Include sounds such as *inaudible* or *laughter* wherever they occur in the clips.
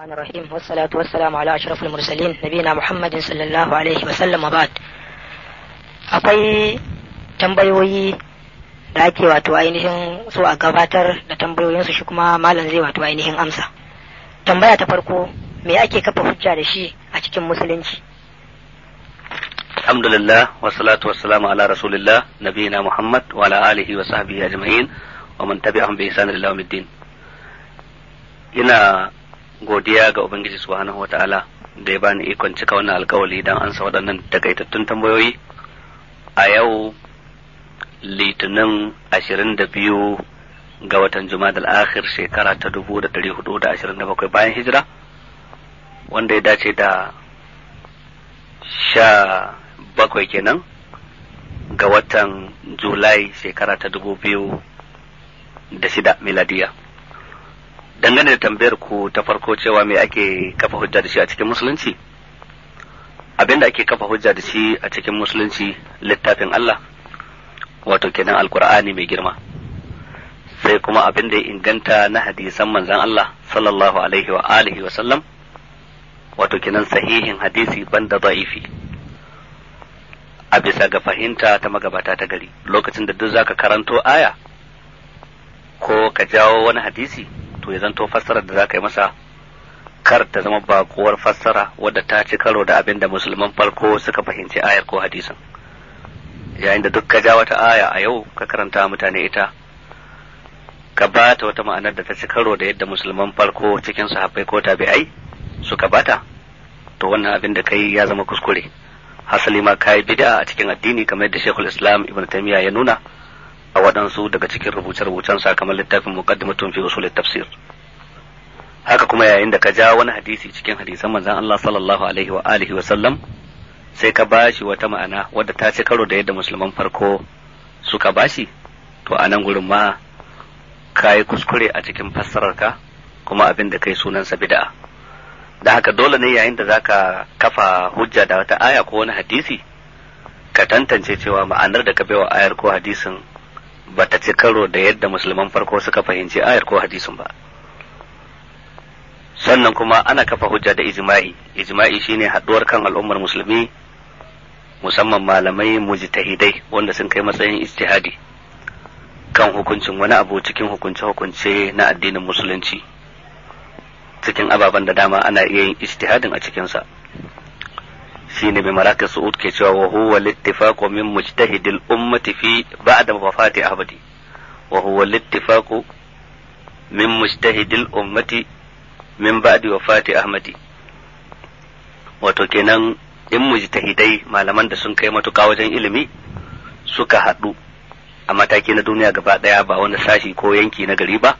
الرحمن الرحيم والصلاة والسلام على أشرف المرسلين نبينا محمد صلى الله عليه وسلم وبعد أقوي تنبيوي داكي واتو أينهن سوء لتنبيوي ينسو شكما مالا زي واتو أمسا تنبيا تفرقو مي أكي كبا حجة لشي أشيك مسلنج الحمد لله والصلاة والسلام على رسول الله نبينا محمد وعلى آله وصحبه أجمعين ومن تبعهم بإحسان الله الدين ina godiya ga Ubangiji subhanahu wata'ala da ya bani ikon cika wannan alkawali don ansa waɗannan takaitattun tambayoyi a yau litinin ashirin da biyu ga watan Jumadal akhir shekara ta dubu da ɗari hudu da ashirin da bakwai bayan hijira wanda ya dace da sha bakwai kenan ga watan Julai shekara ta dubu biyu da shida miladiya. dangane da tambayar ku ta farko cewa me ake kafa hujja da shi a cikin musulunci abin da ake kafa hujja da shi a cikin musulunci littafin Allah wato kenan alkur'ani mai girma sai kuma abin da ya inganta na hadisan manzan Allah sallallahu alaihi wa alihi wa sallam wato kenan sahihin hadisi banda da'ifi a bisa ga fahimta ta magabata ta gari lokacin da duk zaka karanto aya ko ka jawo wani hadisi to ya zanto fassarar da za ka yi masa kar ta zama bakuwar fassara wadda ta ci karo da abin da musulman farko suka fahimci ayar ko hadisin yayin da duk ka ja wata aya a yau ka karanta mutane ita ka ba ta wata ma'anar da ta ci karo da yadda musulman farko cikin sahabbai ko tabi'ai suka bata to wannan abin da kai ya zama kuskure hasali ma kai bid'a a cikin addini kamar yadda Sheikhul Islam Ibn Taymiyyah ya nuna a waɗansu daga cikin rubuce-rubucen kamar littafin muqaddimatun fi usul tafsir haka kuma yayin da ka ja wani hadisi cikin hadisan manzon Allah sallallahu alaihi wa alihi wa sallam sai ka bashi wata ma'ana wadda ta ce karo da yadda musulman farko suka bashi to a nan gurin ma ka kuskure a cikin fassararka kuma abin da kai sunan sa bid'a da haka dole ne yayin da zaka kafa hujja da wata aya ko wani hadisi ka tantance cewa ma'anar da ka baiwa ayar ko hadisin ba ta ci karo da yadda musulman farko suka fahimci ayar ko hadisin ba sannan kuma ana kafa hujja da ijma'i ijma'i shine haɗuwar kan al'ummar musulmi musamman malamai mujtahidai wanda sun kai matsayin ijtihadi kan hukuncin wani abu cikin hukunce-hukunce na addinin musulunci cikin ababen da dama ana iya yin ijtihadin a cikinsa. shine bi maraka su'ud ke cewa wa huwa littifaqu min mujtahidil ummati fi ba'da wafati ahmadi wa huwa littifaqu min mujtahidil ummati min ba'di wafati ahmadi wato kenan in mujtahidai malaman da sun kai matuka wajen ilimi suka haɗu a mataki na duniya gaba ɗaya ba wani sashi ko yanki na gari ba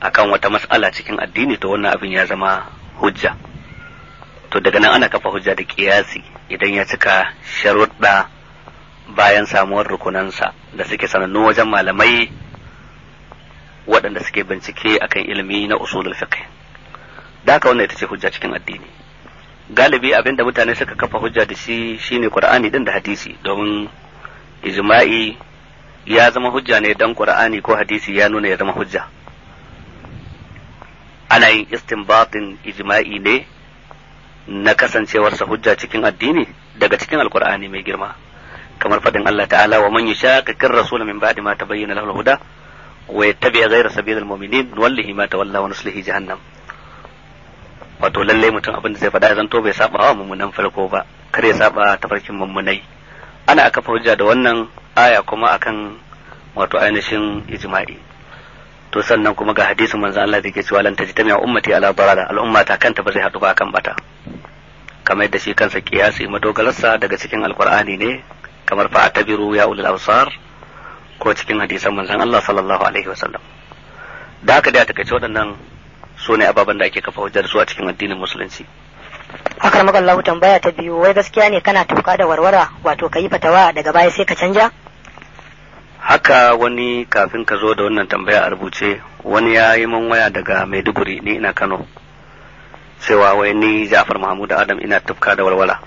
akan wata mas'ala cikin addini to wannan abin ya zama hujja to daga nan ana kafa hujja da kiyasi idan ya cika sharuɗa bayan samuwar rukunansa da suke sanannu wajen malamai waɗanda suke bincike akan ilimi na usulul fiqh da haka wannan ita ce hujja cikin addini galibi abin da mutane suka kafa hujja da shi shine qur'ani din da hadisi domin ijma'i ya zama hujja ne dan qur'ani ko hadisi ya nuna ya zama hujja ana yin istinbatin ijma'i ne na kasancewarsa hujja cikin addini daga cikin alkur'ani mai girma kamar faɗin Allah ta'ala wa man yushaqiqir rasul min ba'di ma tabayyana lahu al-huda wa yattabi' ghayra sabilil mu'minin wallahi ma tawalla wa nuslihi jahannam wato lalle mutum abin da zai faɗa zan to bai saba wa mummunan farko ba kar ya saba ta farkin mummunai ana aka hujja da wannan aya kuma akan wato ainihin ijma'i to sannan kuma ga hadisin manzon Allah da yake cewa lan tajtami'a ummati ala da al'umma ta kanta ba zai haɗu ba kan bata kamar yadda shi kansa kiyasi madogararsa daga cikin alqur'ani ne kamar fa atabiru ya ulul absar ko cikin hadisan manzon Allah sallallahu alaihi wasallam da haka da take waɗannan su ne ababen da ake kafa hujjar su a cikin addinin musulunci akar magallahu tambaya ta biyu wai gaskiya ne kana tuka da warwara wato kayi fatawa daga baya sai ka canja haka wani kafin ka zo da wannan tambaya a rubuce wani ya yi man waya daga maiduguri ni ina kano cewa wai ni ja'far mahmud adam ina tufka da walwala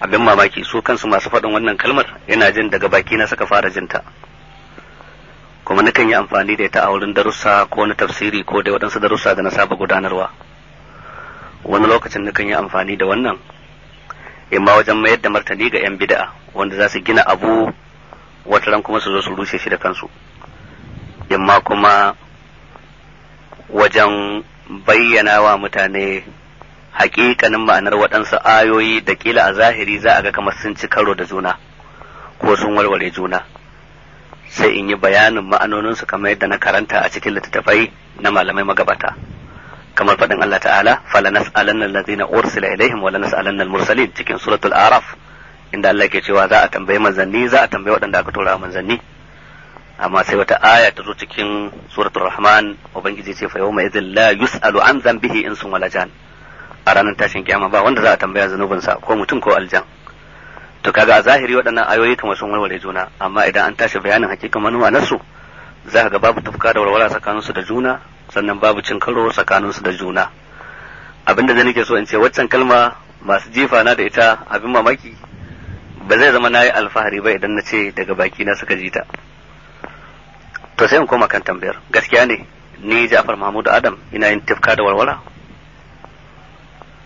abin mamaki su kansu masu faɗin wannan kalmar yana jin daga baki na suka fara jinta kuma nakan yi amfani da ita a wurin darussa ko na tafsiri ko dai waɗansu darussa da na saba gudanarwa wani lokacin nakan yi amfani da wannan In ma wajen mayar da martani ga 'yan bida'a wanda za su gina abu Wata ran kuma su zo su rushe shi da kansu Yamma kuma wajen bayyana wa mutane hakikanin ma'anar waɗansu ayoyi da kila a zahiri za a ga kamar sun ci karo da juna ko sun warware juna sai in yi bayanin ma'anoninsu kamar yadda na karanta a cikin littattafai na malamai magabata kamar faɗin Allah ta'ala falanas alannan lazina ursila ilaihim walanas alannan mursalin cikin suratul araf inda Allah ke cewa za a tambayi manzanni za a tambayi waɗanda aka tura manzanni amma sai wata aya ta zo cikin suratul rahman ubangiji ce fa yawma idhil la yus'alu an dhanbihi insun wala jan a ranar tashin kiyama ba wanda za a tambaya sa ko mutum ko aljan to kaga a zahiri waɗannan ayoyi kamar sun warware juna amma idan an tashi bayanin hakikan manuwa su, za ga babu tafka da warwara tsakaninsu da juna sannan babu cin karo tsakanin su da juna abinda zan nake so in ce waccan kalma masu jifa na da ita abin mamaki ba zai zama na yi alfahari ba idan na ce daga baki na suka ji ta to sai in koma kan tambayar gaskiya ne ni Ja'far Mahmud Adam ina yin tifka da walwala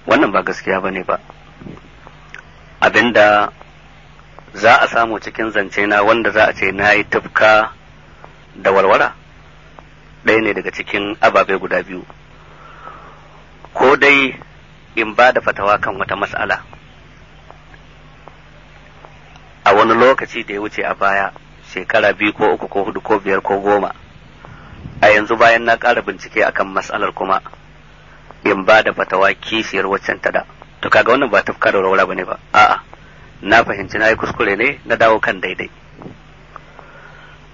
wannan ba gaskiya ba ne ba abinda za a samu cikin zance na wanda za a ce na yi tifka da walwala ɗaya ne daga cikin ababe guda biyu ko dai in ba da fatawa kan wata mas'ala a wani lokaci da ya wuce a baya shekara biyu ko uku ko hudu ko biyar ko goma a yanzu bayan na ƙara bincike akan matsalar kuma in ba da fatawa kishiyar waccan ta da to kaga wannan ba tafkar raura bane ba a'a na fahimci na yi kuskure ne na dawo kan daidai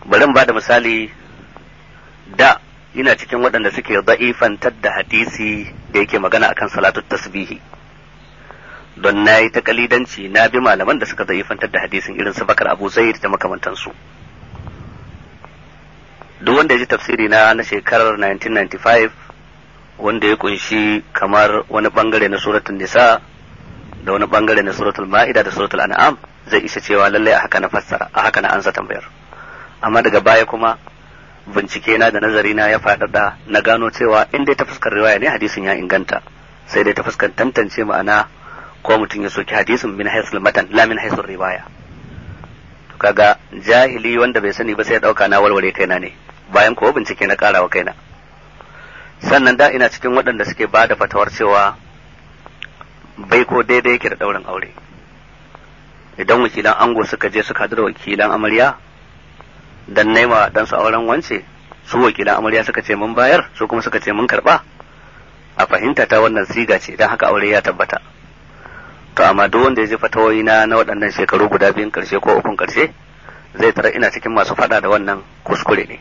bari in ba da misali da ina cikin waɗanda suke da'ifantar da hadisi da yake magana akan salatu tasbihi don na yi ta kalidanci na bi malaman da suka zaifantar da hadisin irin su bakar abu zai da makamantansu duk wanda ya ji tafsiri na na shekarar 1995 wanda ya kunshi kamar wani bangare na suratul nisa da wani bangare na suratul ma'ida da suratul an'am zai isa cewa lallai a haka na fassara a haka na ansa tambayar amma daga baya kuma bincike na da nazari na ya faɗaɗa na gano cewa inda ta fuskar riwaya ne hadisin ya inganta sai dai ta fuskar tantance ma'ana ko mutum ya soki hadisin min haisul matan la min haisul riwaya to kaga jahili wanda bai sani ba sai ya dauka na walware kaina ne bayan ko bincike na karawa kaina sannan da ina cikin waɗanda suke ba da fatawar cewa bai ko daidai yake da daurin aure idan wakilan ango suka je suka da wakilan amarya dan naima dan su auren wance su wakilan amarya suka ce mun bayar su kuma suka ce mun karba a fahimta ta wannan siga ce idan haka aure ya tabbata to amma duk wanda ya je fatawoyi na na waɗannan shekaru guda biyun karshe ko ukun karshe zai tara ina cikin masu faɗa da wannan kuskure ne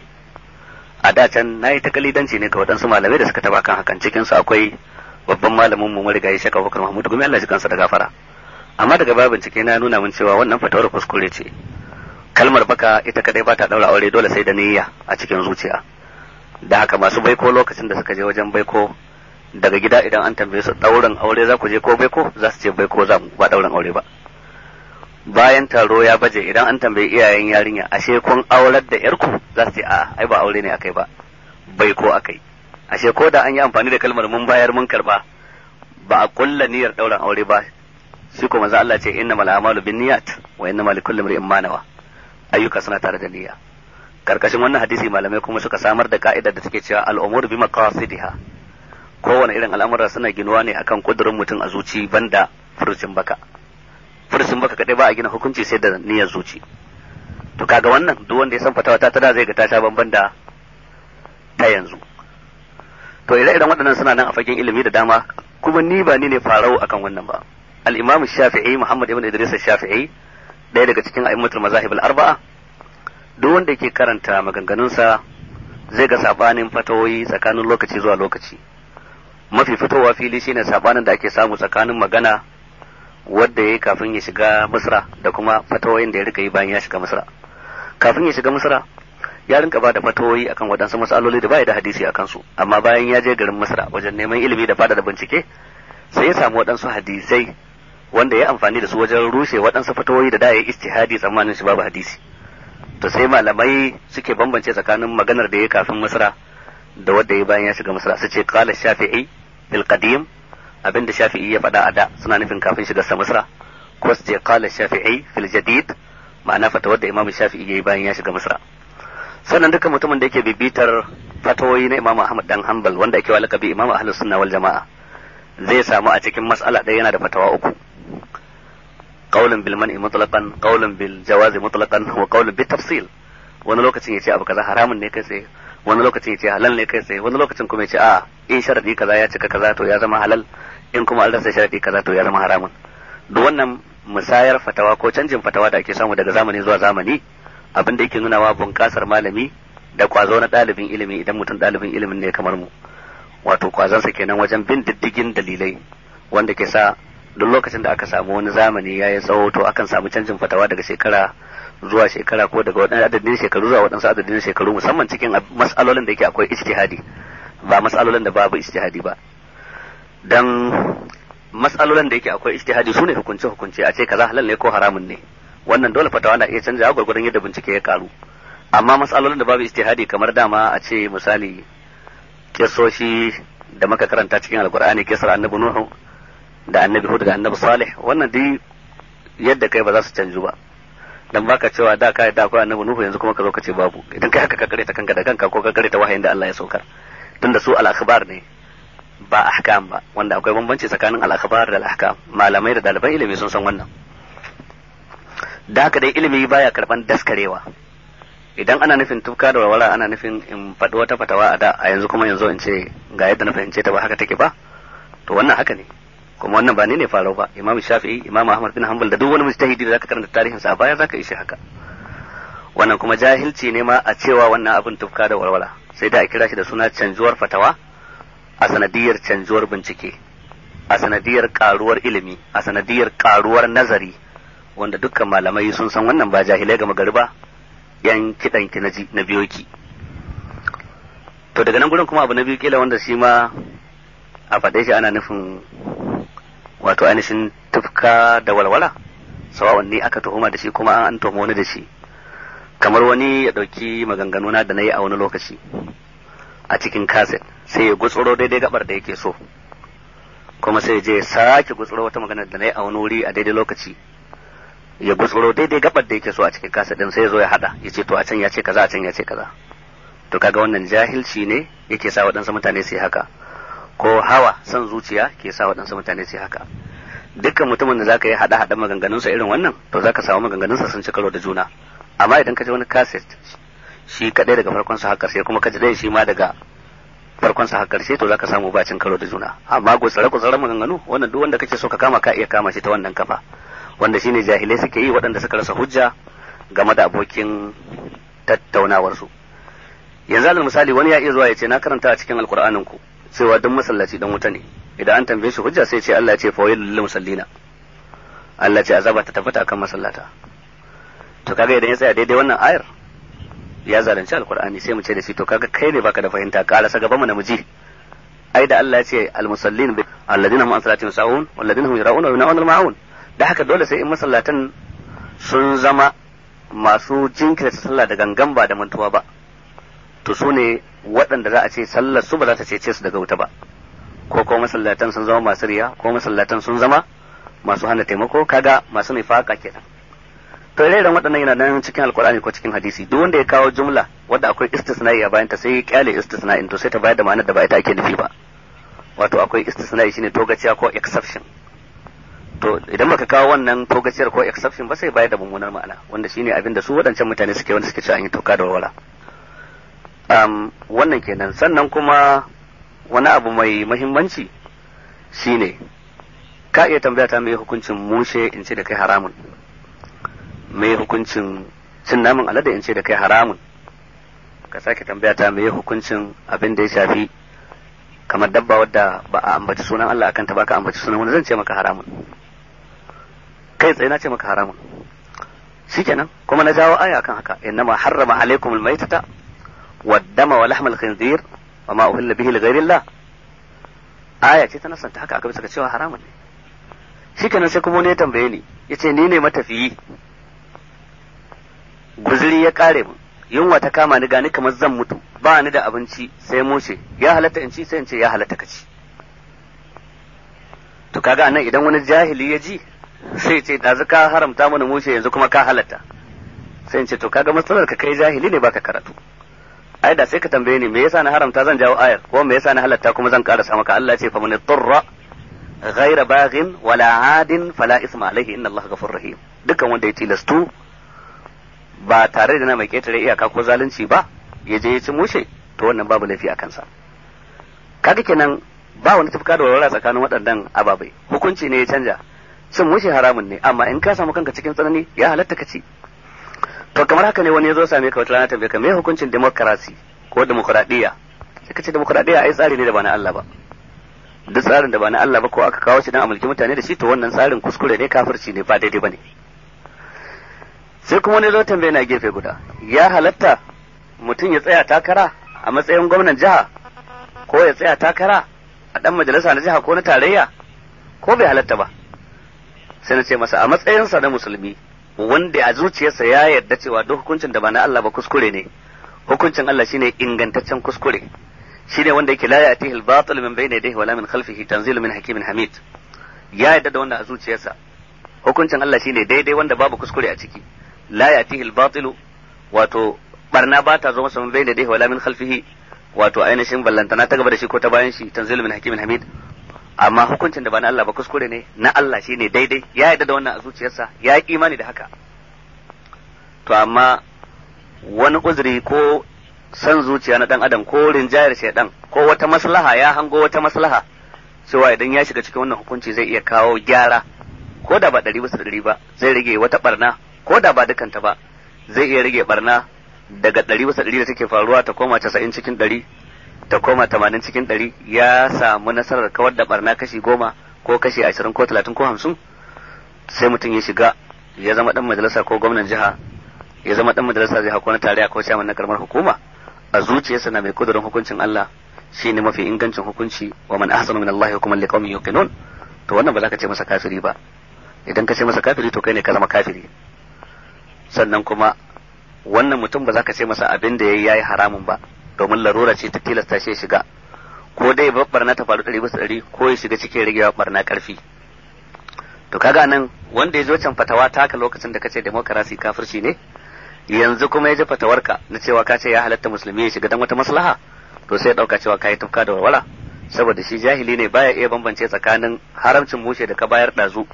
a da can na yi takalidanci ne ga waɗansu malamai da suka taba kan hakan cikin su akwai babban malamin mu marigayi shaka bakar mahmud gumi Allah shi kansa da gafara amma daga baya bincike na nuna min cewa wannan fatawar kuskure ce kalmar baka ita kadai ba ta daura aure dole sai da niyya a cikin zuciya da haka masu baiko lokacin da suka je wajen baiko daga gida idan an tambaye su ɗaurin aure za ku je ko baiko za su ce baiko za mu ba ɗaurin aure ba bayan taro ya baje idan an tambayi iyayen yarinya ashe kun aurar da yarku za su ce a ai ba aure ne akai ba baiko akai ashe ko da an yi amfani da kalmar mun bayar mun karba ba a kulla niyyar ɗaurin aure ba shi kuma za Allah ce mal a'malu niyyat wa innamal likulli imrin ma nawa ayyuka suna tare da niyya karkashin wannan hadisi malamai kuma suka samar da ka'idar da take cewa al'umur bi maqasidiha kowane irin al'amura suna ginuwa ne akan kudurin mutum a zuci banda furcin baka furcin baka kadai ba a gina hukunci sai da niyyar zuci to kaga wannan duk wanda ya san fatawa ta da zai ga ta sha banban da ta yanzu to ire-iren waɗannan suna nan a fagen ilimi da dama kuma ni ba ni ne farau akan wannan ba al-imam shafi'i muhammad ibn idris shafi'i ɗaya daga cikin a'immatul mazahib al-arba'a duk wanda yake karanta maganganunsa zai ga sabanin fatawoyi tsakanin lokaci zuwa lokaci mafi fitowa fili shine sabanin da ake samu tsakanin magana wadda ya yi kafin ya shiga misra da kuma fatawoyin da ya rika yi bayan ya shiga misra kafin ya shiga misra ya rinka ba da fatawoyi akan waɗansu matsaloli da ba da hadisi akan su amma bayan ya je garin misra wajen neman ilimi da fada da bincike sai ya samu waɗansu hadisai wanda ya amfani da su wajen rushe waɗansu fatawoyi da da ya istihadi tsammanin shi babu hadisi to sai malamai suke bambance tsakanin maganar da ya kafin misra da wadda ya bayan ya shiga misra su ce qala shafi'i bil qadim abinda shafi'i ya faɗa a da suna nufin kafin shiga sa misra ko su ce qala shafi'i fil jadid ma'ana fata wadda imam shafi'i ya yi bayan ya shiga misra sannan dukkan mutumin da yake bibitar fatawoyi na imam ahmad dan hanbal wanda ake wa lakabi imam ahlus sunna wal jama'a zai samu a cikin mas'ala ɗaya yana da fatawa uku qawlan bil man'i mutlaqan qawlan bil jawazi mutlaqan wa qawlan bi tafsil wani lokacin ya ce abu kaza haramun ne kai tsaye wani lokacin ya ce halal ne kai tsaye wani lokacin kuma ce a in sharadi kaza ya cika kaza to ya zama halal in kuma an rasa sharadi kaza to ya zama haramun duk wannan musayar fatawa ko canjin fatawa da ake samu daga zamani zuwa zamani abin da yake wa bunƙasar malami da kwazo na ɗalibin ilimi idan mutum ɗalibin ilimin ne kamar mu wato kwazansa kenan wajen bin diddigin dalilai wanda ke sa duk lokacin da aka samu wani zamani ya yi tsawo to akan samu canjin fatawa daga shekara zuwa shekara ko daga waɗansu adadin shekaru zuwa waɗansu adadin shekaru musamman cikin mas'alolin da yake akwai ijtihadi ba mas'alolin da babu ijtihadi ba dan mas'alolin da yake akwai ijtihadi sune hukunce hukunce a ce kaza halal ne ko haramun ne wannan dole fatawa na iya canza gwargwadon yadda bincike ya karu amma mas'alolin da babu ijtihadi kamar dama a ce misali kisoshi da muka karanta cikin alkur'ani kisar annabi nuhu da annabi hud da annabi salih wannan dai yadda kai ba za su canju ba dan baka cewa da kai da akwai annabi nuhu yanzu kuma ka zo ka ce babu idan kai haka ka kare ta kanka da kanka ko ka kare ta wahayin da Allah ya saukar tunda su al-akhbar ne ba ahkam ba wanda akwai bambanci tsakanin al-akhbar da al-ahkam malamai da daliban ilimi sun san wannan da haka dai ilimi baya karban daskarewa idan ana nufin tufka da walwala ana nufin in faɗi wata fatawa a da a yanzu kuma yanzu in ce ga yadda na fahimce ta ba haka take ba to wannan haka ne kuma wannan ba ne ne farau ba imam shafi'i imam ahmad bin hanbal da duk wani mujtahidi da zaka karanta tarihin sa baya zaka ishe haka wannan kuma jahilci ne ma a cewa wannan abin tufka da walwala sai da a kira shi da suna canjuwar fatawa a sanadiyar canjuwar bincike a sanadiyar karuwar ilimi a sanadiyar karuwar nazari wanda dukkan malamai sun san wannan ba jahilai ga ba yan kidan ki na na biyoki to daga nan gurin kuma abu na biyu kila wanda shi ma a faɗe ana nufin wato ainihin tufka da walwala sawa ni aka tuhuma da shi kuma an tuhuma wani da shi kamar wani ya ɗauki maganganuna da na yi a wani lokaci a cikin kaset sai ya gutsuro daidai gabar da yake so kuma sai je ya sake gutsuro wata magana da na yi a wani wuri a daidai lokaci ya gutsuro daidai gabar da yake so a cikin kaset din sai ya zo ya hada ya ce to a can ya ce kaza a can ya ce kaza to kaga wannan jahilci ne yake sa waɗansu mutane su yi haka ko hawa son zuciya ke sa waɗansu mutane su haka dukkan mutumin da zaka yi hada hada maganganunsa irin wannan to zaka samu maganganunsa sun ci karo da juna amma idan ka ji wani kaset shi kadai daga farkon sa haka sai kuma ka ji dai shi ma daga farkon sa haka sai to zaka samu bacin karo da juna amma ko tsare maganganu wannan duk wanda kake so ka kama ka iya kama shi ta wannan kafa wanda shine jahilai suke yi waɗanda suka rasa hujja game da abokin tattaunawarsu yanzu alal misali wani ya iya zuwa ya ce na karanta cikin alkur'anin ku cewa duk masallaci dan wuta ne idan an tambaye shi hujja sai ce Allah ce fa wayl lil musallina Allah ce azaba ta tabbata akan masallata to kaga idan ya tsaya daidai wannan ayar ya zalunci alqur'ani sai mu ce da shi to kaga kai ne baka da fahimta karasa gaba mu namiji ai da Allah ya ce almusallin alladina hum an salatihim sa'un walladina hum yara'una wa yuna'una maun da haka dole sai in masallatan sun zama masu jinkirta sallah da gangan ba da mantuwa ba to su ne waɗanda za a ce sallar su ba za ta cece su daga wuta ba ko kuma masallatan sun zama masu riya ko masallatan sun zama masu hana taimako kaga masu mai nifaka kenan to irin waɗannan yana nan cikin alkur'ani ko cikin hadisi duk wanda ya kawo jumla wadda akwai istisna'i a bayanta sai ya kyale istisna'in to sai ta bayar da ma'anar da ba ita ake nufi ba wato akwai istisna'i shine togaciya ko exception to idan baka kawo wannan togaciyar ko exception ba sai bayar da mummunar ma'ana wanda shine abin da su waɗancan mutane suke wanda suke cewa an yi toka da wawala um, wannan kenan sannan kuma wani abu mai mahimmanci shine ka iya tambaya ta mai hukuncin mushe in ce da kai haramun mai hukuncin cin naman alade in ce da kai haramun ka sake tambaya ta mai hukuncin abin da ya shafi kamar dabba wadda ba a ambaci sunan Allah akan ta ba ka ambaci sunan wani zan ce maka haramun kai tsaye na ce maka haramun shikenan kuma na jawo aya akan haka innama harrama alaikumul maitata والدم ولحم الخنزير وما أهل به لغير الله aya ce ta nasanta haka aka bisa ga cewa haramun ne shi kenan sai kuma wani ya tambaye ya ce ni ne matafiyi guzuri ya kare mu yunwa ta kama ni gani kamar zan mutu ba ni da abinci sai mushe ya halatta in ci sai in ce ya halatta ka ci to kaga anan idan wani jahili ya ji sai ce dazu ka haramta mana mushe yanzu kuma ka halatta sai in ce to kaga matsalar ka kai jahili ne baka karatu ai da sai ka tambaye ni me yasa na haramta zan jawo ayar ko me yasa na halatta kuma zan karasa maka Allah ce fa man turra ghaira baghin wala adin fala isma alaihi inna Allah ghafur rahim dukkan wanda ya tilastu ba tare da na mai ketare iyaka ko zalunci ba ya je ya ci mushe to wannan babu laifi a kansa kaga kenan ba wani tufka da warwara tsakanin waɗannan ababai hukunci ne ya canja cin mushe haramun ne amma in ka samu kanka cikin tsanani ya halatta ka ci to kamar haka ne wani ya zo same ka wata rana tambaye ka me hukuncin demokarasi ko demokuraɗiyya sai ka ce demokuraɗiyya ai tsari ne da ba na Allah ba duk tsarin da ba na Allah ba ko aka kawo shi don a mulki mutane da shi to wannan tsarin kuskure ne kafirci ne ba daidai ba ne sai kuma wani zo tambaye na gefe guda ya halatta mutum ya tsaya takara a matsayin gwamnan jiha ko ya tsaya takara a ɗan majalisa na jiha ko na tarayya ko bai halatta ba sai na ce masa a matsayinsa na musulmi wanda a zuciyarsa ya yarda cewa duk hukuncin da ba na Allah ba kuskure ne hukuncin Allah shine ingantaccen kuskure shine wanda yake la ya'tihi al-batil min bayni yadayhi wala min khalfihi tanzilu min hakimin hamid ya yarda da wanda a zuciyarsa hukuncin Allah shine daidai wanda babu kuskure a ciki la ya'tihi al-batil wato barna ba ta zo masa min bayni yadayhi wala min khalfihi wato ainihin ballantana ta gaba da shi ko ta bayan shi tanzilu min hakimin hamid amma hukuncin da ba na Allah ba kuskure ne na Allah ne daidai ya yarda da wannan a zuciyarsa ya yi imani da haka to amma wani uzuri ko san zuciya na dan adam ko rinjayar shaidan ko wata maslaha ya hango wata maslaha cewa idan ya shiga cikin wannan hukunci zai iya kawo gyara ko da ba ɗari bisa ɗari ba zai rage wata barna ko da ba dukanta ba zai iya rage barna daga ɗari bisa ɗari da take faruwa ta koma casa'in cikin ɗari ta koma tamanin cikin ɗari ya samu nasarar kawar da barna kashi goma ko kashi ashirin ko talatin ko hamsin sai mutum ya shiga ya zama ɗan majalisa ko gwamnan jiha ya zama ɗan majalisa jiha ko na tarayya ko shaman na karamar hukuma a zuciyarsa na mai kudurin hukuncin Allah Shi ne mafi ingancin hukunci wa man ahsanu min Allah hukuman liqaumin yuqinun to wannan ba za ka ce masa kafiri ba idan ka ce masa kafiri to kai ne ka zama kafiri sannan kuma wannan mutum ba za ka ce masa abin da yayi yayi haramun ba domin larura ce ta tilasta shi shiga ko dai barna ta faru ɗari bisa ɗari ko ya shiga cikin rage barna karfi. to kaga nan wanda ya zo can fatawa taka lokacin da kace demokarasi kafirci ne yanzu kuma ya ji fatawarka na cewa ka ce ya halatta musulmi ya shiga dan wata maslaha to sai ya dauka cewa kai tufka da walwala saboda shi jahili ne baya iya bambance tsakanin haramcin mushe da ka bayar dazu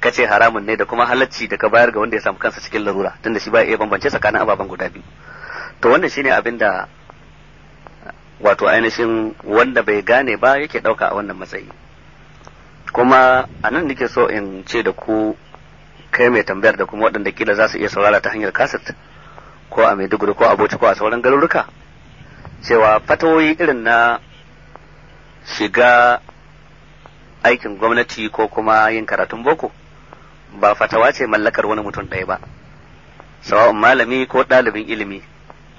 ka haramun ne da kuma halacci da ka bayar ga wanda ya samu kansa cikin larura tunda shi baya iya bambance tsakanin ababen guda biyu to wannan shine abin da wato ainihin wanda bai gane ba yake ɗauka a wannan matsayi kuma a nan nake so in ce da ku kai mai tambayar da kuma waɗanda kila za su iya saurara ta hanyar kaset ko a maiduguri ko a bauchi ko a sauran garuruka cewa fatawoyi irin na shiga aikin gwamnati ko kuma yin karatun boko ba fatawa ce mallakar wani mutum ɗaya ba sawa'un malami ko ɗalibin ilimi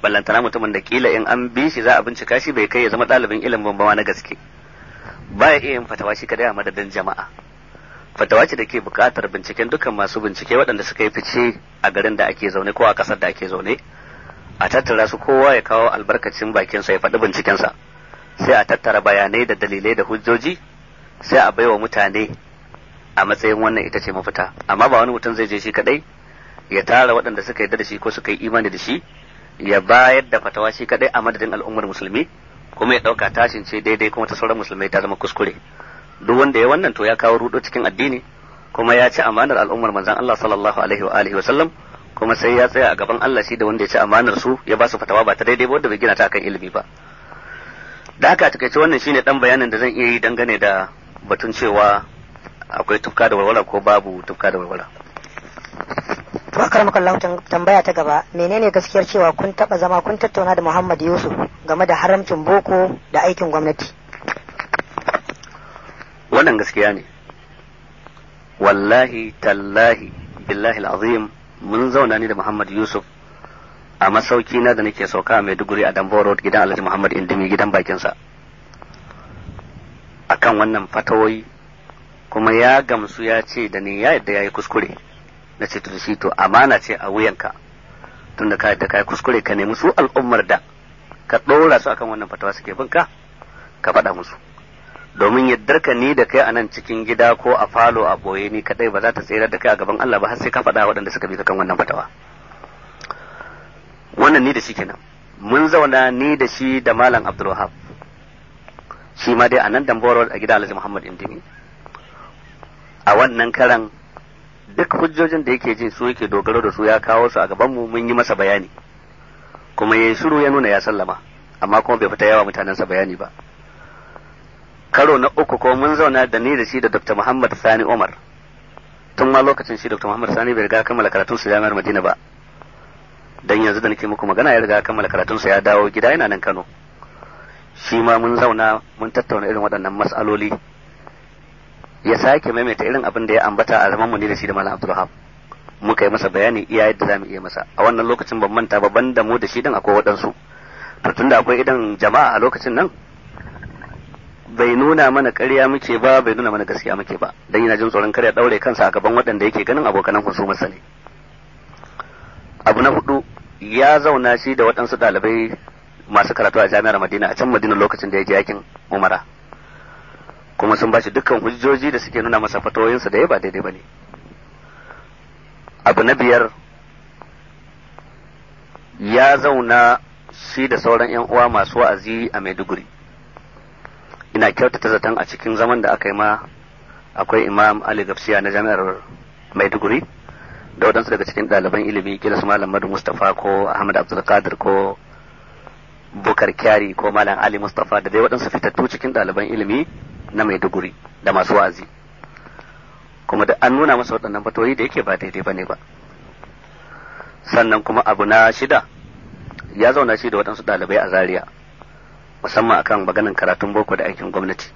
ballantana mutumin da kila in an bi shi za a bincika shi bai kai ya zama ɗalibin ilimin ba na gaske Ba ya iya yin fatawa shi kadai a madadin jama'a fatawa ce da ke buƙatar binciken dukkan masu bincike waɗanda suka yi fice a garin da ake zaune ko a ƙasar da ake zaune a tattara su kowa ya kawo albarkacin bakinsa ya faɗi bincikensa sai a tattara bayanai da dalilai da hujjoji sai a baiwa mutane a matsayin wannan ita ce mafita amma ba wani mutum zai je shi kadai ya tara waɗanda suka yi da shi ko suka yi imani da shi ya bayar da fatawa shi kadai a madadin al'ummar musulmi kuma ya dauka tashin ce daidai kuma ta sauran musulmai ta zama kuskure duk wanda ya wannan to ya kawo rudo cikin addini kuma ya ci amanar al'ummar manzon Allah sallallahu alaihi wa alihi wa sallam kuma sai ya tsaya a gaban Allah shi da wanda ya ci amanar su ya ba su fatawa ba ta daidai ba wanda bai gina ta akan ilimi ba da haka takaice wannan shine dan bayanin da zan iya yi dangane da batun cewa akwai tufka da walwala ko babu tufka da walwala to akramaka tambaya ta gaba menene gaskiyar cewa kun taba zama kun tattauna da Muhammad Yusuf game da haramcin boko da aikin gwamnati wannan gaskiya ne wallahi tallahi billahi alazim mun zauna ne da Muhammad Yusuf a masauki na da nake sauka mai duguri a danbo Road gidan Alhaji Muhammad Indimi gidan bakinsa akan wannan fatawoyi kuma ya gamsu ya ce da ni ya yadda ya yi kuskure na ce shi to amana ce a wuyanka tunda ka da kai kuskure ka nemi su al'ummar da ka ɗora su akan wannan fatawa suke bin ka ka faɗa musu domin yaddar ka ni da kai a nan cikin gida ko a falo a boye ni kadai ba za ta tsira da kai a gaban Allah ba har sai ka faɗa waɗanda suka bi ka kan wannan fatawa wannan ni da shi kenan mun zauna ni da shi da malam Abdul Wahab shi ma dai a nan dambawar a gida Alhaji Muhammad Indimi a wannan karan duk hujjojin da yake jin su yake dogaro da su ya kawo su a gaban mu mun yi masa bayani kuma yayi shiru ya nuna ya sallama amma kuma bai fita yawa mutanensa bayani ba karo na uku ko mun zauna da ni da shi da Dr. Muhammad Sani Umar tun ma lokacin shi Dr. Muhammad Sani bai riga kammala karatun su jami'ar Madina ba dan yanzu da nake muku magana ya riga kammala karatun sa ya dawo gida yana nan Kano shi ma mun zauna mun tattauna irin waɗannan mas'aloli ya sake maimaita irin abin da ya ambata a zaman mu ne da shi da malam abdulhab muka yi masa bayani iya yadda zamu iya masa a wannan lokacin ban manta ba ban da mu da shi din akwai waɗansu to tunda akwai idan jama'a a lokacin nan bai nuna mana ƙarya muke ba bai nuna mana gaskiya muke ba dan yana jin tsoron kar ya daure kansa a gaban waɗanda yake ganin abokanan husumarsa ne abu na hudu ya zauna shi da waɗansu ɗalibai masu karatu a jami'ar Madina a can Madina lokacin da ya je yakin Umara kuma sun bashi dukkan hujjoji da suke nuna masa fatoyinsa da ya ba daidai bane abu na biyar ya zauna shi da sauran yan uwa masu wa'azi a Maiduguri ina kyautata zaton a cikin zaman da aka yi ma akwai imam Ali Gafsiya na jami'ar Maiduguri da waɗansu daga cikin ɗaliban ilimi kila su malam Madu Mustafa ko Ahmad Abdulkadir ko bukar kyari ko malam ali mustafa da dai waɗansu fitattu cikin ɗaliban ilimi na maiduguri da masu wa'azi kuma da an nuna masa waɗannan batoyi da yake ba daidai ba ne ba sannan kuma abu na shida ya zauna shi da waɗansu ɗalibai a zaria musamman akan maganin karatun boko da aikin gwamnati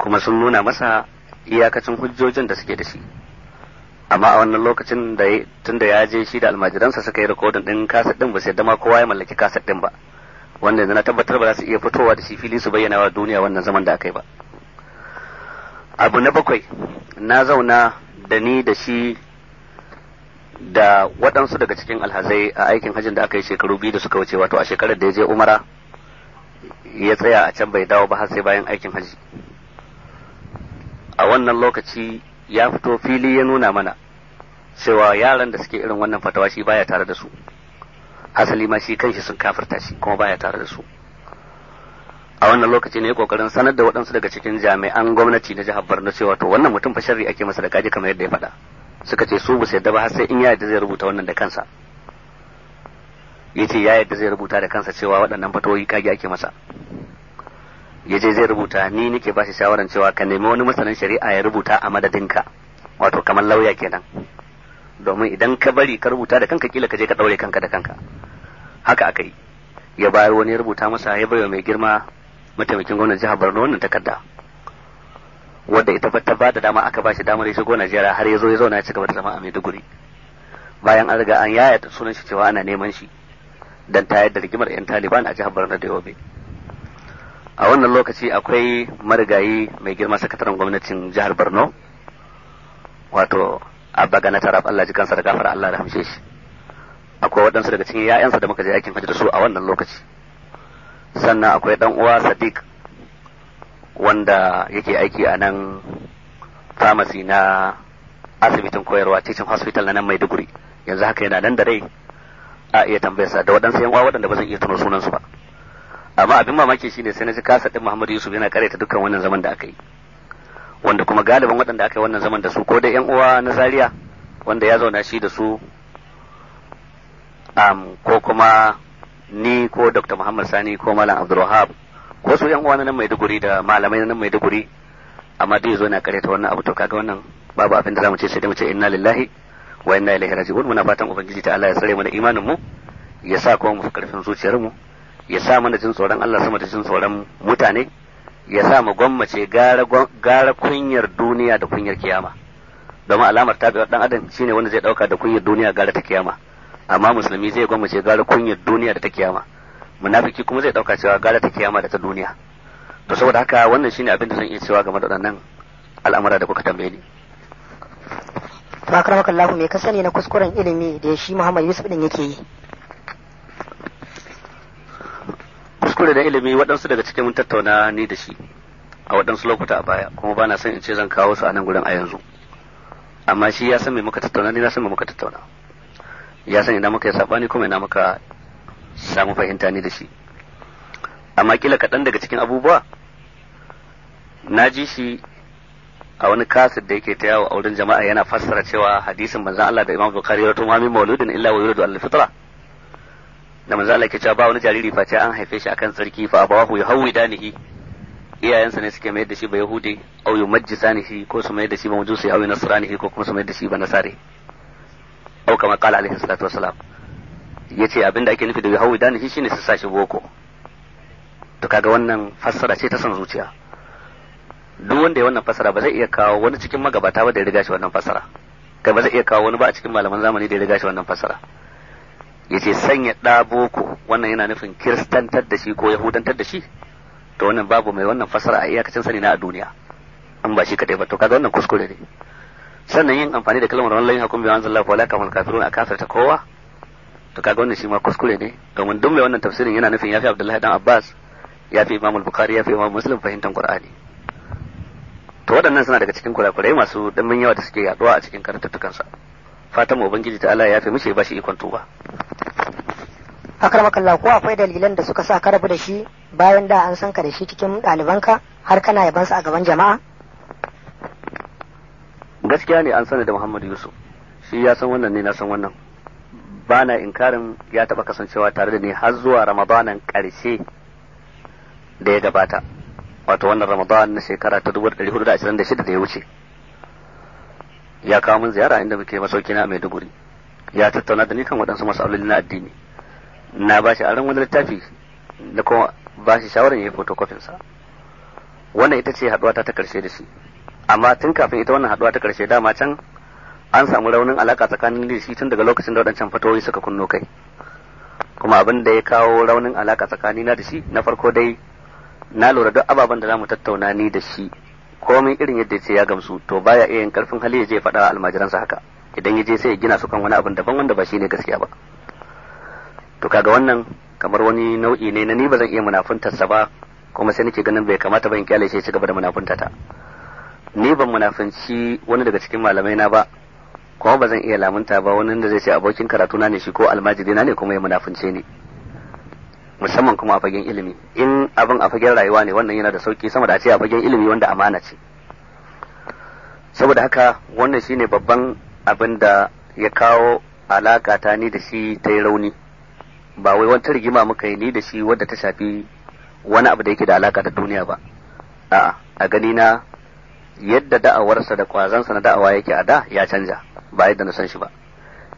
kuma sun nuna masa iyakacin hujjojin da suke da shi amma a wannan lokacin da tun ya je shi da almajiransa suka yi rikodin din kasa din ba sai dama kowa ya mallaki kaset din ba wanda yanzu na tabbatar ba za su iya fitowa da shi fili su bayyana wa duniya wannan zaman da aka yi ba abu na bakwai na zauna da ni da shi da waɗansu daga cikin alhazai a aikin hajjin da aka yi shekaru biyu da suka wuce wato a shekarar da ya je umara ya tsaya a can bai dawo ba har sai bayan aikin hajji a wannan lokaci ya fito fili ya nuna mana cewa yaran da suke irin wannan fatawa shi baya tare da su asali ma shi kanshi sun kafirta shi kuma baya tare da su a wannan lokaci ne kokarin sanar da waɗansu daga cikin jami'an gwamnati na jihar Borno cewa to wannan mutum fa sharri ake masa da kaji kamar yadda ya faɗa suka ce su ba sai yadda ba har sai in ya yadda zai rubuta wannan da kansa yace ya yadda zai rubuta da kansa cewa waɗannan fatoyi kage ake masa yace zai rubuta ni nake ba shi shawaran cewa ka nemi wani masanin shari'a ya rubuta a madadinka wato kamar lauya kenan domin idan ka bari ka rubuta da kanka kila ka je ka daure kanka da kanka haka aka yi ya bayar wani ya rubuta masa ya baiwa mai girma mataimakin gwamnati jihar Borno wannan takarda wadda ita ta ba da dama aka ba shi damar ya shigo Najeriya har ya zo ya zauna ya ci da zama a Maiduguri bayan an riga an yaya sunan shi cewa ana neman shi dan tayar da rigimar yan Taliban a jihar Borno da Yobe a wannan lokaci akwai marigayi mai girma sakataren gwamnatin jihar Borno wato Abba Gana Tarab Allah ji kansa da gafara Allah da hamshe shi akwai waɗansu daga cikin ‘ya'yansa da muka je aikin hajji da su a wannan lokaci sannan akwai ɗan uwa sadiq wanda yake aiki a nan famasi na asibitin koyarwa cikin hospital na nan maiduguri yanzu haka yana nan da rai a iya tambayarsa da waɗansu yan uwa waɗanda ba zan iya tuno sunansu ba amma abin mamaki shine sai na ji kasa din Muhammadu Yusuf yana karaita dukkan wannan zaman da aka yi wanda kuma galibin waɗanda aka yi wannan zaman da su ko dai yan uwa na Zaria wanda ya zauna shi da su um, ko kuma ni ko Dr. Muhammad Sani ko Malam Abdulwahab ko su yan uwa na nan Maiduguri da malamai na nan Maiduguri amma dai zo na kareta wannan abu to kaga wannan babu abin da zamu ce sai dai mu ce inna lillahi wa inna ilaihi raji'un muna fatan ubangiji ta Allah ya tsare mana imanin mu ya sa kuma mu karfin zuciyar mu ya sa mana jin tsoron Allah sama da jin tsoron mutane ya sa mu gwammace gara kunyar duniya da kunyar kiyama domin alamar ga dan adam shine wanda zai dauka da kunyar duniya gara ta kiyama amma musulmi zai gwammace gara kunyar duniya da ta kiyama munafiki kuma zai dauka cewa gara ta kiyama da ta duniya to saboda haka wannan shine abin da zan iya cewa game da wannan al'amura da kuka tambaye ni to akramaka Allah me ka sani na kuskuren ilimi da shi Muhammad Yusuf din yake yi kuskure da ilimi waɗansu daga cikin mun tattauna ni da shi a waɗansu lokuta a baya kuma ba na son in ce zan kawo su a nan gurin a yanzu amma shi ya san me muka tattauna ni na san me muka tattauna ya san ina muka yi sabani kuma ina muka samu fahimta ni da shi amma kila kaɗan daga cikin abubuwa na ji shi a wani kasid da yake ta yawo a wurin jama'a yana fassara cewa hadisin manzan Allah da Imam bukari ya rato ma min mauludin illa wa yuridu al-fitra da manzan Allah ke cewa ba wani jariri face an haife shi akan tsarki fa abawahu yahwidanihi iyayensa ne suke mayar da shi ba yahudi au yumajjisanihi ko su mayar da shi ba majusi au nasranihi ko kuma su mayar da shi ba nasare au kamar qala alaihi salatu ya ce abinda ake nufi da yahawi dani shi shine su sashi boko to kaga wannan fassara ce ta san zuciya duk wanda ya wannan fassara ba zai iya kawo wani cikin magabata ba da ya riga shi wannan fassara kai ba zai iya kawo wani ba a cikin malaman zamani da ya riga shi wannan fassara ya ce sanya ɗa boko wannan yana nufin kiristantar da shi ko yahudantar da shi to wannan babu mai wannan fassara a iyakacin sani na a duniya an ba shi kadai ba to kaga wannan kuskure ne sannan yin amfani da kalmar wallahi layin bi anzalla fa la kamul kafirun a ta kowa to kaga wannan shi ma kuskure ne domin duk mai wannan tafsirin yana nufin yafi Abdullahi dan Abbas yafi Imam al-Bukhari yafi Imam Muslim fahimtar Qur'ani to waɗannan suna daga cikin kurakurai masu dimbin yawa da suke yaduwa a cikin sa fatan mu ubangiji ta Allah ya fi mushe ba shi ikon tuba akramakallah ko akwai dalilan da suka sa ka rabu da shi bayan da an san ka da shi cikin ɗalibanka har kana yabansa a gaban jama'a gaskiya ne an sani da Muhammad Yusuf shi ya san wannan ne na san wannan ba na inkarin ya taɓa kasancewa tare da ni har zuwa ramadanan ƙarshe da ya gabata wato wannan ramadan na shekara ta 1426 da ya wuce ya kawo min ziyara inda muke masauki na Maiduguri ya tattauna da ni kan waɗansu masaloli na addini na ba shi aron wani littafi na kuma ba shi shawarar ya yi fotokofinsa wannan ita ce haɗuwa ta ta ƙarshe da shi amma tun kafin ita wannan haduwa ta karshe dama can an samu raunin alaka tsakanin da shi tun daga lokacin da waɗancan fatoyi suka kunno kai kuma abin da ya kawo raunin alaka tsakanina da shi na farko dai na lura duk ababen da zamu tattauna ni da shi komai irin yadda ce ya gamsu to baya iya yin karfin hali ya je faɗa almajiransa haka idan ya je sai ya gina su kan wani abin daban wanda ba shi ne gaskiya ba to kaga wannan kamar wani nau'i ne na ni ba zan iya munafuntarsa ba kuma sai nake ganin bai kamata ba in kyale shi ya ci gaba da munafuntata ta ni ban munafanci wani daga cikin malamai na ba kuma ba zan iya lamunta ba wani da zai ce abokin karatu na ne shi ko almajiri na ne kuma ya munafance ni musamman kuma a fagen ilimi in abin a fagen rayuwa ne wannan yana da sauki sama da a ce a fagen ilimi wanda amana ce saboda haka wannan shine babban abin da ya kawo alaka ta ni da shi ta yi rauni ba wai wata rigima muka yi ni da shi wadda ta shafi wani abu da yake da alaka da duniya ba a'a a gani na yadda da'awarsa da kwazansa na da'awa yake a da ya canja ba yadda na san shi ba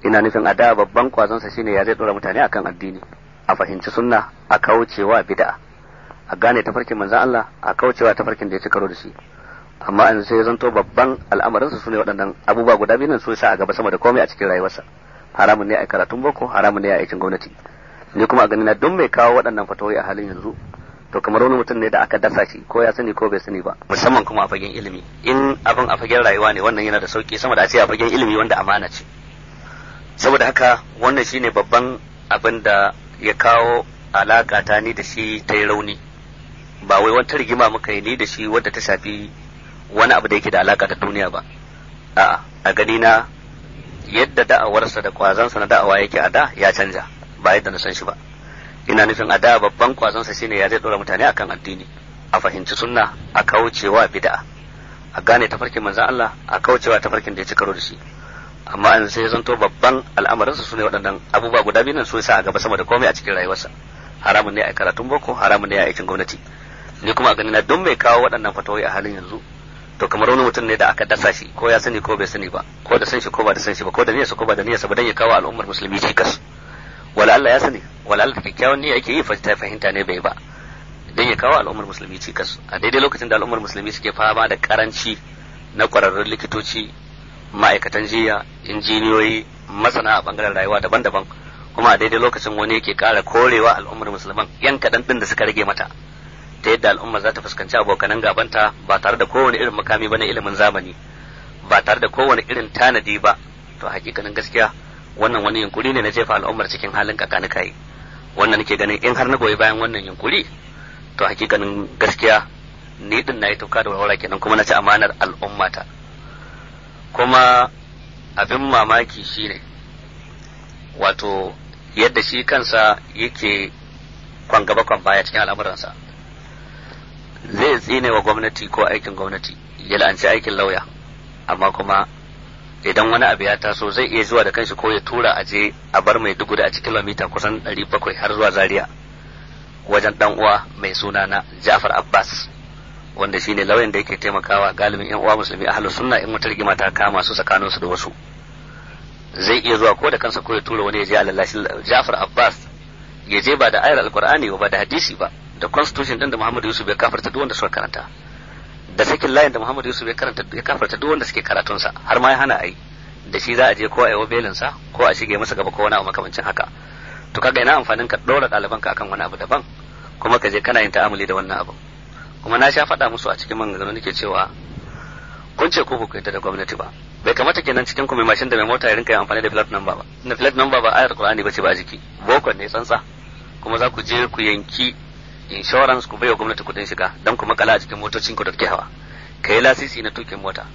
ina nufin a da babban kwazansa shine ya zai dora mutane akan addini a fahimci sunna a kaucewa bid'a a gane tafarkin manzon Allah a kaucewa tafarkin da ya ci karo da shi amma an sai to babban su sune waɗannan abubuwa guda biyu nan su sa a gaba sama da komai a cikin rayuwarsa haramun ne a karatun boko haramun ne a aikin gwamnati ni kuma a ganina don mai kawo waɗannan fatoyi a halin yanzu to kamar wani mutum ne da aka dasa shi ko ya sani ko bai sani ba musamman kuma a fagen ilimi in abin a fagen rayuwa ne wannan yana da sauki sama da a ce a fagen ilimi wanda amana ce saboda haka wannan shine babban abin da ya kawo alaka ta ni da shi ta yi rauni ba wai wata rigima muka yi ni da shi wadda ta shafi wani abu da yake da alaka ta duniya ba a'a a gani na yadda da'awarsa da kwazansa na da'awa yake a da ya canja ba yadda na san shi ba ina nufin a da babban kwazonsa shine ya zai dora mutane akan addini a fahimci sunna a kaucewa bid'a a gane tafarkin manzon Allah a kaucewa tafarkin da ya ci karo da shi amma an sai zanto babban al'amarinsa ne waɗannan abubuwa guda biyu nan su sa a gaba sama da komai a cikin rayuwarsa haramun ne a karatun boko haramun ne a aikin gwamnati ni kuma a gani na don mai kawo waɗannan fatawai a halin yanzu to kamar wani mutum ne da aka dasa shi ko ya sani ko bai sani ba ko da san shi ko ba da san shi ba ko da niyyarsa ko ba da niyyarsa ba dan ya kawo al'ummar musulmi cikas wala Allah ya sani wala Allah kyakkyawan ne yake yi ta fahimta ne bai ba dan ya kawo al'ummar musulmi cikas a daidai lokacin da al'ummar musulmi suke fama da karanci na kwararrun likitoci ma'aikatan jiya injiniyoyi masana a bangaren rayuwa daban-daban kuma a daidai lokacin wani yake kara korewa al'ummar musulman yan kaɗan ɗin da suka rage mata ta yadda al'ummar za ta fuskanci abokanan gabanta ba tare da kowane irin makami ba na ilimin zamani ba tare da kowane irin tanadi ba to hakikanin gaskiya wannan wani yunkuri ne na jefa al'ummar cikin halin na kai wannan nake ganin in har na goyi bayan wannan yunkuri to hakikanin gaskiya ni din nayi tauka da warwara kenan kuma na ci amanar al'ummata kuma abin mamaki shine wato yadda shi kansa yake kwan gaba kwan baya cikin al'amuransa zai tsine wa gwamnati ko aikin gwamnati ya la'anci aikin lauya amma kuma idan wani abu ya taso zai iya zuwa da kanshi ko ya tura a je a bar mai dugu da a cikin lamita kusan 700 har zuwa zaria wajen dan uwa mai suna na Jafar Abbas wanda shine lauyan da yake taimakawa galibin yan uwa musulmi halin sunna in wata rigima ta kama su tsakanin su da wasu zai iya zuwa ko da kansa ko ya tura wani ya je alallashin Jafar Abbas ya je ba da ayar alkur'ani ba da hadisi ba da constitution din da Muhammadu Yusuf ya kafarta duk wanda suka karanta da sakin layin da Muhammad Yusuf ya karanta ya kafarta duk wanda suke karatun sa har ma ya hana ai da shi za a je ko a yi wabelin sa ko a shige masa gaba ko wani abu makamancin haka to kaga ina amfanin ka dora ɗaliban ka akan wani abu daban kuma ka je kana yin ta'amuli da wannan abu kuma na sha faɗa musu a cikin maganganu nake cewa kun ce ku ku kai da gwamnati ba bai kamata kenan cikin ku mai mashin da mai mota ya rinka yin amfani da flat number ba na flat number ba ayar qur'ani ce ba jiki boko ne tsantsa kuma za ku je ku yanki insurance ku baiwa gwamnati kudin shiga don ku makala a cikin motocin ku da ke hawa ka yi lasisi na tukin mota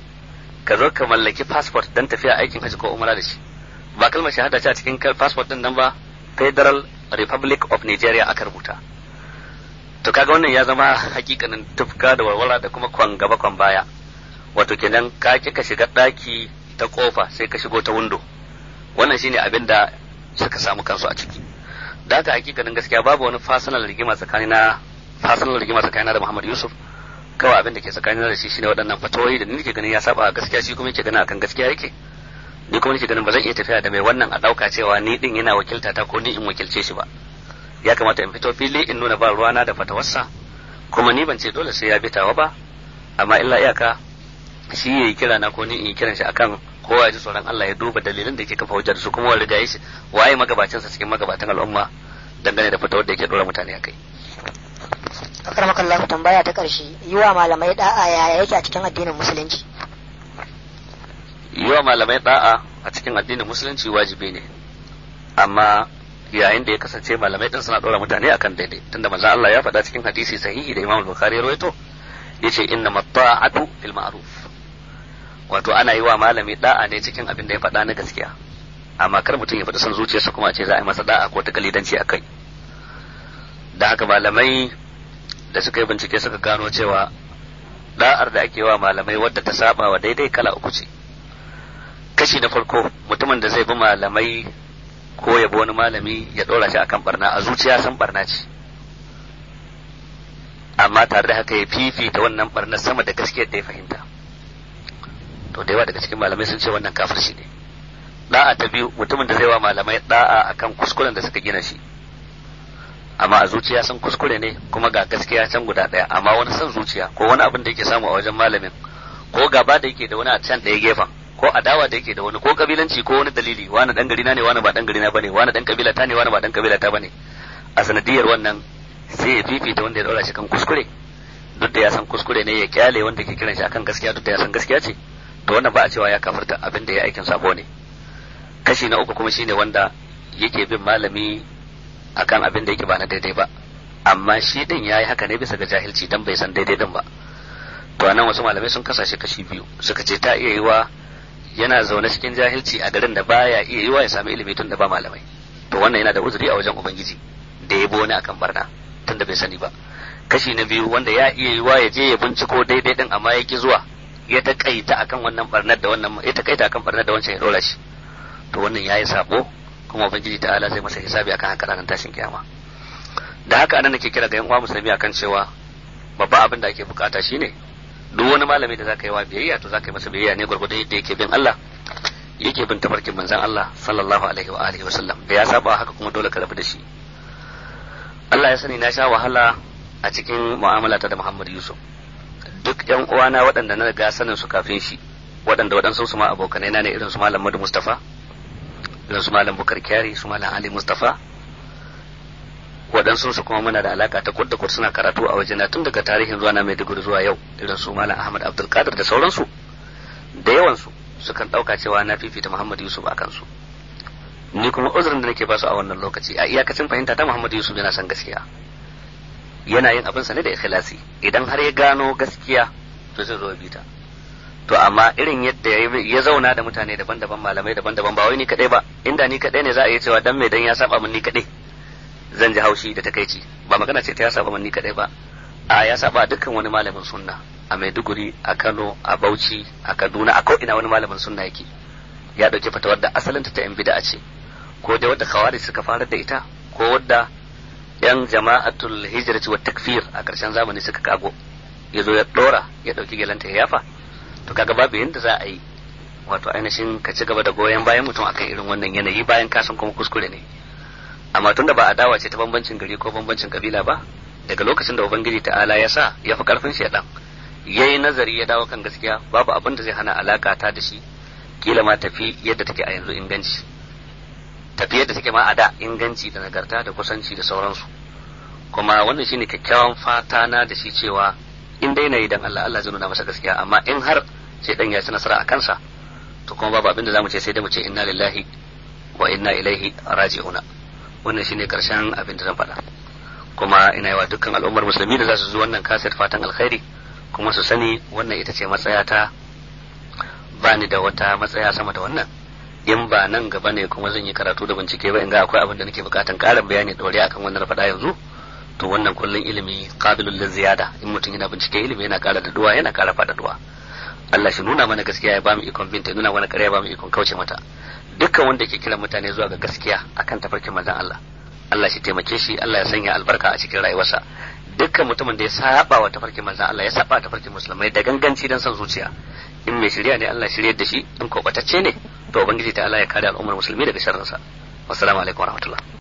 ka zo ka mallaki passport don tafiya aikin hajji ko umara da shi ba kalmar shahada ce a cikin passport din nan ba Federal Republic of Nigeria aka rubuta to kaga wannan ya zama *laughs* hakikanin tufka da walwala da kuma kwan gaba kwan baya wato kenan ka ki ka shiga daki ta kofa sai ka shigo ta window wannan shine abin da suka samu kansu a ciki da haka hakikanin gaskiya babu wani fasinal rigima tsakanina fasinal rigima tsakanina da Muhammad Yusuf kawai abin da ke tsakanina da shi shine waɗannan fatoyi da nake ganin ya saba a gaskiya shi kuma yake ganin akan gaskiya yake ni kuma nake ganin ba zan iya tafiya da mai wannan a ɗauka cewa ni din yana wakilta ta ko ni in wakilce shi ba ya kamata in fito fili in nuna ba ruwana da fatawarsa kuma ni ban ce dole sai ya bitawa ba amma illa iyaka shi yayi kira na ko ni in yi kiran shi akan kowa ya ji tsoron Allah ya duba dalilan da yake kafa hujjar su kuma wanda ya shi waye magabacinsa cikin magabatan al'umma dangane da fatawar da yake dora mutane akai akar makallahu tambaya ta karshe yi wa malamai da'a yaya yake a cikin addinin musulunci yi wa malamai da'a a cikin addinin musulunci wajibi ne amma yayin da ya kasance malamai din suna dora mutane akan daidai tunda manzo Allah ya faɗa cikin hadisi sahihi da Imam Bukhari ya rawaito yace inna matta'atu fil ma'ruf wato ana yi wa malami da'a ne cikin abin da ya faɗa na gaskiya amma kar mutum ya faɗi son zuciyarsa kuma a ce za a yi masa da'a ko ta kalidanci a kai da haka malamai da suka yi bincike suka gano cewa da'ar da ake wa malamai wadda ta saba wa daidai kala uku ce kashi na farko mutumin da zai bi malamai ko ya bi wani malami ya ɗora shi akan barna a zuciya san barna ce amma tare da haka ya fifita wannan barna sama da gaskiyar da ya fahimta to da yawa daga cikin malamai sun ce wannan shi ne da'a ta biyu mutumin da zai wa malamai da'a akan kuskuren da suka gina shi amma a zuciya sun kuskure ne kuma ga gaskiya can guda daya amma wani san zuciya ko wani abin da yake samu a wajen malamin ko gaba da yake da wani a can daya gefen ko adawa da yake da wani ko kabilanci ko wani dalili wani dan garina ne wani ba dan garina bane wani dan kabila ta ne wani ba dan kabila ta bane a sanadiyar wannan sai ya fifita wanda ya daura shi kan kuskure duk da ya san kuskure ne ya kyale wanda ke kiran shi akan gaskiya duk da ya san gaskiya ce to wannan ba a cewa ya kafarta abin da ya aikin sabo ne kashi na uku kuma shine wanda yake bin malami akan abin da yake ba na daidai ba amma shi din yayi haka ne bisa ga jahilci dan bai san daidai din ba to anan wasu malamai sun kasashe kashi biyu suka ce ta iya yiwa yana zaune cikin jahilci a garin da baya iya yiwa ya sami ilimi tun da ba malamai to wannan yana da uzuri a wajen ubangiji da ya wani akan barna tun da bai sani ba kashi na biyu wanda ya iya yiwa ya je ya binciko daidai din amma ya ki zuwa ya takaita akan wannan barnar da wannan ya takaita akan barnar da wancan ya dora shi to wannan yayi sabo kuma ubangiji ala zai masa hisabi akan haka ranar tashin kiyama da haka anan nake kira ga yan uwa musulmi akan cewa babba abin da ake bukata shine duk wani malami da zaka yi wa biyayya to zaka yi masa biyayya ne gurgurdan yadda yake bin Allah yake bin tafarkin manzon Allah sallallahu alaihi wa alihi wasallam da ya saba haka kuma dole ka rabu da shi Allah ya sani na sha wahala a cikin mu'amala ta da Muhammad Yusuf duk ƴan uwana waɗanda na ga sanin su kafin shi waɗanda waɗansu su ma abokanai na ne irin su malam Madu Mustafa irin su malam Bukar Kyari su malam Ali Mustafa waɗansu su kuma muna da alaka ta kudda kud suna karatu a wajena tun daga tarihin zuwa na Maiduguri zuwa yau irin su malam Ahmad Abdul da sauransu da yawansu sukan ɗauka cewa na fifita Muhammad Yusuf a kansu ni kuma uzurin da nake basu a wannan lokaci a iyakacin fahimta ta Muhammad Yusuf yana son gaskiya yana yin abin sa ne da ikhlasi idan har ya gano gaskiya to zai zo bi ta to amma irin yadda ya zauna da mutane daban-daban malamai daban-daban ba wai ni kadai ba inda ni kadai ne za a yi cewa dan mai dan ya saba min ni kadai zan ji haushi da takaici ba magana ce ta ya saba min ni kadai ba a ya saba dukkan wani malamin sunna a Maiduguri a Kano a Bauchi a Kaduna a ina wani malamin sunna yake ya dauki fatawar da asalin ta yan imbida ce ko da wadda khawari suka fara da ita ko wadda yan jama'atul hijrati wa takfir a karshen zamani suka kago ya zo ya dora ya dauki gelanta ya yafa to kaga babu yanda za a yi wato ainihin ka ci gaba da goyon bayan mutum akan irin wannan yanayi bayan kasan kuma kuskure ne amma tunda ba a dawo ce ta bambancin gari ko bambancin kabila ba daga lokacin da ubangiji ta'ala ya sa ya fi karfin shaidan yayi nazari ya dawo kan gaskiya babu abin da zai hana alaka ta da shi kila ma tafi yadda take a yanzu inganci tafiyar da take ma a da inganci da nagarta da kusanci da sauransu kuma wannan shine kyakkyawan fata na da shi cewa in dai nayi dan Allah Allah zai nuna masa gaskiya amma in har sai dan ya ci nasara a kansa to kuma babu abin da zamu ce sai dai mu ce inna lillahi wa inna ilaihi raji'una wannan shine karshen abin da zan faɗa kuma ina yi wa dukkan al'ummar musulmi da za su zo wannan kaset fatan alkhairi kuma su sani wannan ita ce matsayata ba ni da wata matsaya sama da wannan in ba nan gaba ne kuma zan yi karatu da bincike ba in ga akwai abin da nake bukatan karin bayani dore akan wannan faɗa yanzu to wannan kullun ilimi qabilul li ziyada in mutum yana bincike ilimi yana kara daduwa yana kara faɗaɗuwa Allah shi nuna mana gaskiya ya bamu ikon binta nuna mana ƙarya ya bamu ikon kauce mata dukkan wanda ke kiran mutane zuwa ga gaskiya akan tafarkin manzon Allah Allah shi taimake shi Allah ya sanya albarka a cikin rayuwarsa dukkan mutumin da ya saba wa tafarkin manzon Allah ya saba tafarkin musulmai da ganganci dan son zuciya in mai shirya ne Allah shirye da shi in kobatacce ne to ubangiji ta Allah ya kare al'ummar musulmi daga sharrinsa wassalamu alaikum warahmatullahi